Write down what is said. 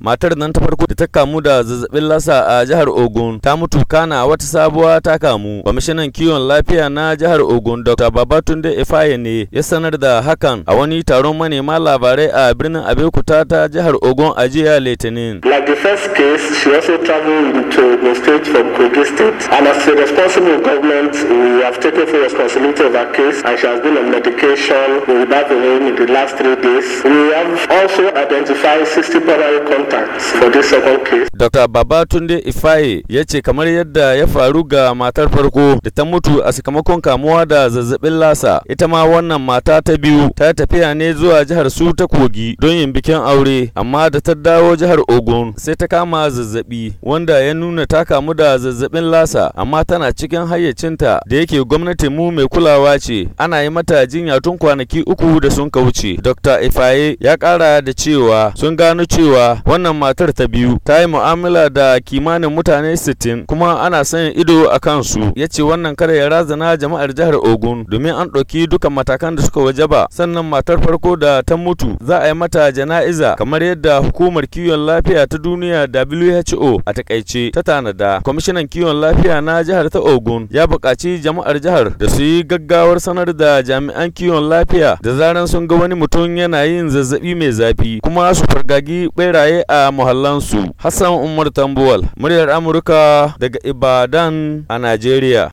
Matar nan ta farko da ta kamu da zazzabin lasa a jihar Ogun ta mutu kana wata sabuwa ta kamu. Kwamishinan kiwon lafiya na jihar Ogun Dr. Babatunde Ifaye ne ya sanar da hakan a wani taron manema labarai a birnin Abeokuta ta jihar Ogun a jiya Litinin. Like the first case, she also traveled to Ogun State from Kogi State. And as a responsible government, we have taken full responsibility of her case and she has been on medication without the rain in the last three days. We have also identified 60 primary contacts Dr. Babatunde Ifaye ya ce kamar yadda ya faru ga matar farko da ta mutu a sakamakon kamuwa da zazzabin lasa ita ma wannan mata ta biyu ta tafiya ne zuwa jihar su ta kogi don yin bikin aure amma da ta dawo jihar Ogun sai ta kama zazzabi wanda ya nuna ta kamu da zazzabin lasa amma tana cikin hayyacinta da yake gwamnati mu mai kulawa ce ana yi mata jinya tun kwanaki uku da sun kauce. Dr. Ifaye ya kara da cewa sun gano cewa wannan matar ta biyu ta yi mu'amala da kimanin mutane 60 kuma ana sanya ido a kansu ya ce wannan kada ya razana jama'ar jihar ogun domin an ɗauki dukan matakan da suka wajaba sannan matar farko da ta mutu za a yi mata jana'iza kamar yadda hukumar kiwon lafiya ta duniya who a takaice ta tanada kwamishinan kiwon lafiya na jihar ta ogun ya buƙaci jama'ar jihar da su yi gaggawar sanar da jami'an kiwon lafiya da zaran sun ga wani mutum yana yin zazzabi mai zafi kuma su fargagi beraye a muhallansu. Hassan Umar Tambuwal, muryar Amurka daga Ibadan a Najeriya.